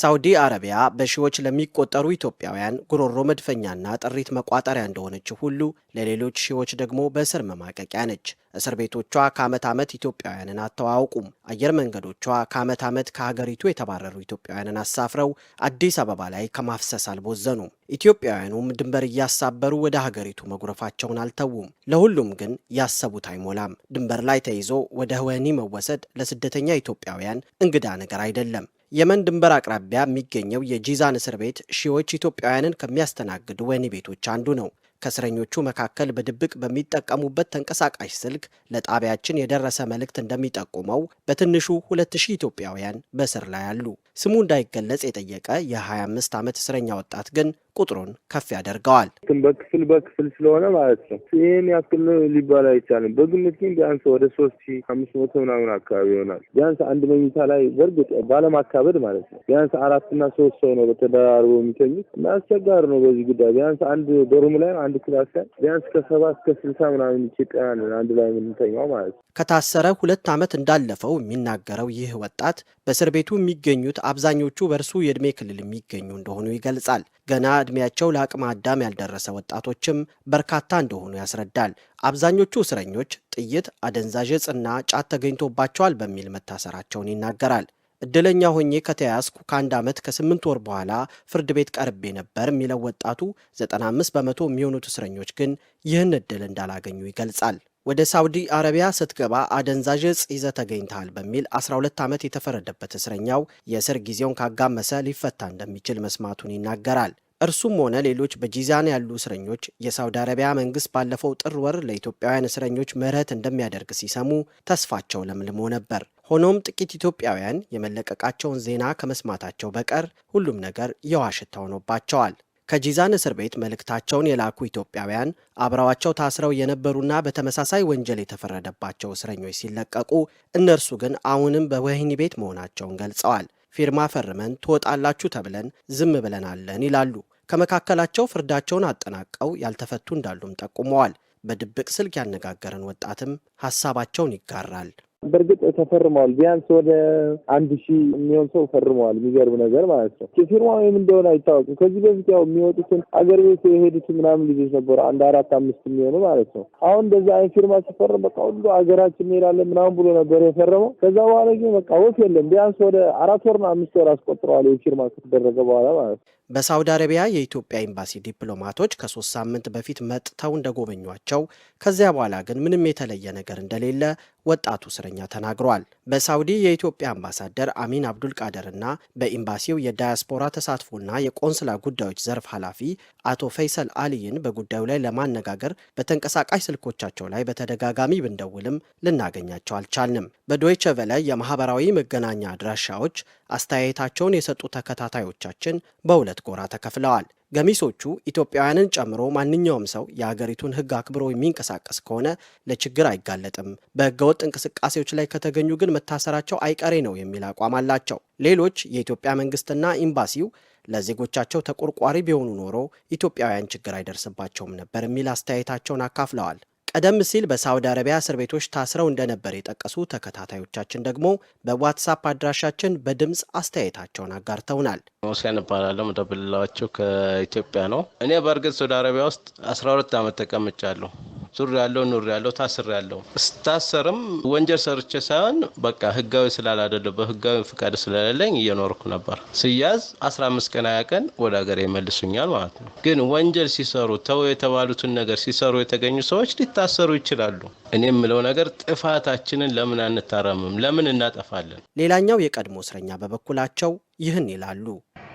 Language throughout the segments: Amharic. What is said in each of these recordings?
ሳውዲ አረቢያ በሺዎች ለሚቆጠሩ ኢትዮጵያውያን ጉሮሮ መድፈኛና ጥሪት መቋጠሪያ እንደሆነችው ሁሉ ለሌሎች ሺዎች ደግሞ በእስር መማቀቂያ ነች። እስር ቤቶቿ ከዓመት ዓመት ኢትዮጵያውያንን አተዋውቁም። አየር መንገዶቿ ከዓመት ዓመት ከሀገሪቱ የተባረሩ ኢትዮጵያውያንን አሳፍረው አዲስ አበባ ላይ ከማፍሰስ አልቦዘኑም። ኢትዮጵያውያኑም ድንበር እያሳበሩ ወደ ሀገሪቱ መጉረፋቸውን አልተዉም። ለሁሉም ግን ያሰቡት አይሞላም። ድንበር ላይ ተይዞ ወደ ወህኒ መወሰድ ለስደተኛ ኢትዮጵያውያን እንግዳ ነገር አይደለም። የመን ድንበር አቅራቢያ የሚገኘው የጂዛን እስር ቤት ሺዎች ኢትዮጵያውያንን ከሚያስተናግዱ ወህኒ ቤቶች አንዱ ነው። ከእስረኞቹ መካከል በድብቅ በሚጠቀሙበት ተንቀሳቃሽ ስልክ ለጣቢያችን የደረሰ መልእክት እንደሚጠቁመው በትንሹ 2000 ኢትዮጵያውያን በእስር ላይ አሉ። ስሙ እንዳይገለጽ የጠየቀ የ25 ዓመት እስረኛ ወጣት ግን ቁጥሩን ከፍ ያደርገዋል። በክፍል በክፍል ስለሆነ ማለት ነው ይህን ያክል ነው ሊባል አይቻልም። በግምት ግን ቢያንስ ወደ ሶስት ሺ አምስት መቶ ምናምን አካባቢ ይሆናል። ቢያንስ አንድ መኝታ ላይ በእርግጥ ባለማካበድ ማለት ነው ቢያንስ አራትና ሶስት ሰው ነው በተደራርቦ የሚተኙት እና አስቸጋሪ ነው በዚህ ጉዳይ ቢያንስ አንድ ዶርም ላይ አንድ ክላስ ላይ ቢያንስ ከሰባ እስከ ስልሳ ምናምን ኢትዮጵያውያን አንድ ላይ የምንተኛው ማለት ነው። ከታሰረ ሁለት ዓመት እንዳለፈው የሚናገረው ይህ ወጣት በእስር ቤቱ የሚገኙት አብዛኞቹ በእርሱ የእድሜ ክልል የሚገኙ እንደሆኑ ይገልጻል። ገና እድሜያቸው ለአቅመ አዳም ያልደረሰ ወጣቶችም በርካታ እንደሆኑ ያስረዳል። አብዛኞቹ እስረኞች ጥይት፣ አደንዛዥ ዕፅና ጫት ተገኝቶባቸዋል በሚል መታሰራቸውን ይናገራል። እድለኛ ሆኜ ከተያዝኩ ከአንድ ዓመት ከስምንት ወር በኋላ ፍርድ ቤት ቀርቤ ነበር የሚለው ወጣቱ 95 በመቶ የሚሆኑት እስረኞች ግን ይህን እድል እንዳላገኙ ይገልጻል። ወደ ሳውዲ አረቢያ ስትገባ አደንዛዥ እጽ ይዘህ ተገኝተሃል በሚል 12 ዓመት የተፈረደበት እስረኛው የእስር ጊዜውን ካጋመሰ ሊፈታ እንደሚችል መስማቱን ይናገራል። እርሱም ሆነ ሌሎች በጂዛን ያሉ እስረኞች የሳውዲ አረቢያ መንግስት ባለፈው ጥር ወር ለኢትዮጵያውያን እስረኞች ምህረት እንደሚያደርግ ሲሰሙ ተስፋቸው ለምልሞ ነበር። ሆኖም ጥቂት ኢትዮጵያውያን የመለቀቃቸውን ዜና ከመስማታቸው በቀር ሁሉም ነገር የዋሽታ ሆኖባቸዋል። ከጂዛን እስር ቤት መልእክታቸውን የላኩ ኢትዮጵያውያን አብረዋቸው ታስረው የነበሩና በተመሳሳይ ወንጀል የተፈረደባቸው እስረኞች ሲለቀቁ እነርሱ ግን አሁንም በወህኒ ቤት መሆናቸውን ገልጸዋል። ፊርማ ፈርመን ትወጣላችሁ ተብለን ዝም ብለናለን ይላሉ። ከመካከላቸው ፍርዳቸውን አጠናቀው ያልተፈቱ እንዳሉም ጠቁመዋል። በድብቅ ስልክ ያነጋገረን ወጣትም ሀሳባቸውን ይጋራል። በእርግጥ ተፈርመዋል። ቢያንስ ወደ አንድ ሺህ የሚሆን ሰው ፈርመዋል። የሚገርም ነገር ማለት ነው። የፊርማ ወይም እንደሆነ አይታወቅም። ከዚህ በፊት ያው የሚወጡትን አገር ቤት የሄዱትን ምናምን ልጆች ነበሩ አንድ አራት አምስት የሚሆኑ ማለት ነው። አሁን እንደዛ አይነት ፊርማ ሲፈርም በቃ ሁሉ አገራችን እንሄዳለን ምናምን ብሎ ነበር የፈረመው። ከዛ በኋላ ግን በቃ ወፍ የለም። ቢያንስ ወደ አራት ወርና አምስት ወር አስቆጥረዋል የፊርማ ከተደረገ በኋላ ማለት ነው። በሳውዲ አረቢያ የኢትዮጵያ ኤምባሲ ዲፕሎማቶች ከሶስት ሳምንት በፊት መጥተው እንደጎበኟቸው ከዚያ በኋላ ግን ምንም የተለየ ነገር እንደሌለ ወጣቱ ስረ ለጋዜጠኛ ተናግረዋል። በሳውዲ የኢትዮጵያ አምባሳደር አሚን አብዱል ቃደር እና በኤምባሲው የዳያስፖራ ተሳትፎና የቆንስላ ጉዳዮች ዘርፍ ኃላፊ አቶ ፈይሰል አልይን በጉዳዩ ላይ ለማነጋገር በተንቀሳቃሽ ስልኮቻቸው ላይ በተደጋጋሚ ብንደውልም ልናገኛቸው አልቻልንም። በዶይቸ በላይ የማህበራዊ መገናኛ አድራሻዎች አስተያየታቸውን የሰጡ ተከታታዮቻችን በሁለት ጎራ ተከፍለዋል። ገሚሶቹ ኢትዮጵያውያንን ጨምሮ ማንኛውም ሰው የሀገሪቱን ሕግ አክብሮ የሚንቀሳቀስ ከሆነ ለችግር አይጋለጥም፣ በሕገወጥ እንቅስቃሴዎች ላይ ከተገኙ ግን መታሰራቸው አይቀሬ ነው የሚል አቋም አላቸው። ሌሎች የኢትዮጵያ መንግስትና ኤምባሲው ለዜጎቻቸው ተቆርቋሪ ቢሆኑ ኖሮ ኢትዮጵያውያን ችግር አይደርስባቸውም ነበር የሚል አስተያየታቸውን አካፍለዋል። ቀደም ሲል በሳውዲ አረቢያ እስር ቤቶች ታስረው እንደነበር የጠቀሱ ተከታታዮቻችን ደግሞ በዋትሳፕ አድራሻችን በድምፅ አስተያየታቸውን አጋርተውናል። ሙሴን እባላለሁ። መደብላቸው ከኢትዮጵያ ነው። እኔ በእርግጥ ሳውዲ አረቢያ ውስጥ አስራ ሁለት ዓመት ተቀምጫለሁ። ዙር ያለው ኑር ያለው ታስር ያለው ስታሰርም ወንጀል ሰርቼ ሳይሆን በቃ ህጋዊ ስላላደለ በህጋዊ ፍቃድ ስለሌለኝ እየኖርኩ ነበር። ስያዝ 15 ቀን ሀያ ቀን ወደ ሀገር ይመልሱኛል ማለት ነው። ግን ወንጀል ሲሰሩ ተው የተባሉትን ነገር ሲሰሩ የተገኙ ሰዎች ሊታሰሩ ይችላሉ። እኔ የምለው ነገር ጥፋታችንን ለምን አንታረምም? ለምን እናጠፋለን? ሌላኛው የቀድሞ እስረኛ በበኩላቸው ይህን ይላሉ።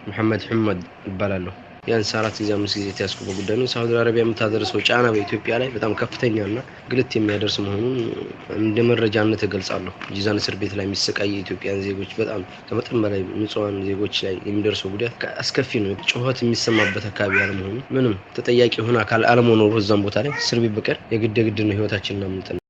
መሐመድ ሕመድ ይባላለሁ። ቢያንስ አራት ጊዜ አምስት ጊዜ የተያዝኩ በጉዳይ ነው። ሳውዲ አረቢያ የምታደርሰው ጫና በኢትዮጵያ ላይ በጣም ከፍተኛና ግልት የሚያደርስ መሆኑን እንደ መረጃነት እገልጻለሁ። ጂዛን እስር ቤት ላይ የሚሰቃይ የኢትዮጵያን ዜጎች በጣም ከመጠን በላይ ንጹሐን ዜጎች ላይ የሚደርሰው ጉዳት አስከፊ ነው። ጩኸት የሚሰማበት አካባቢ አለመሆኑ ምንም ተጠያቂ የሆነ አካል አለመኖሩ እዛም ቦታ ላይ እስር ቤት በቀር የግድ የግድ ነው ህይወታችንን አምልጠን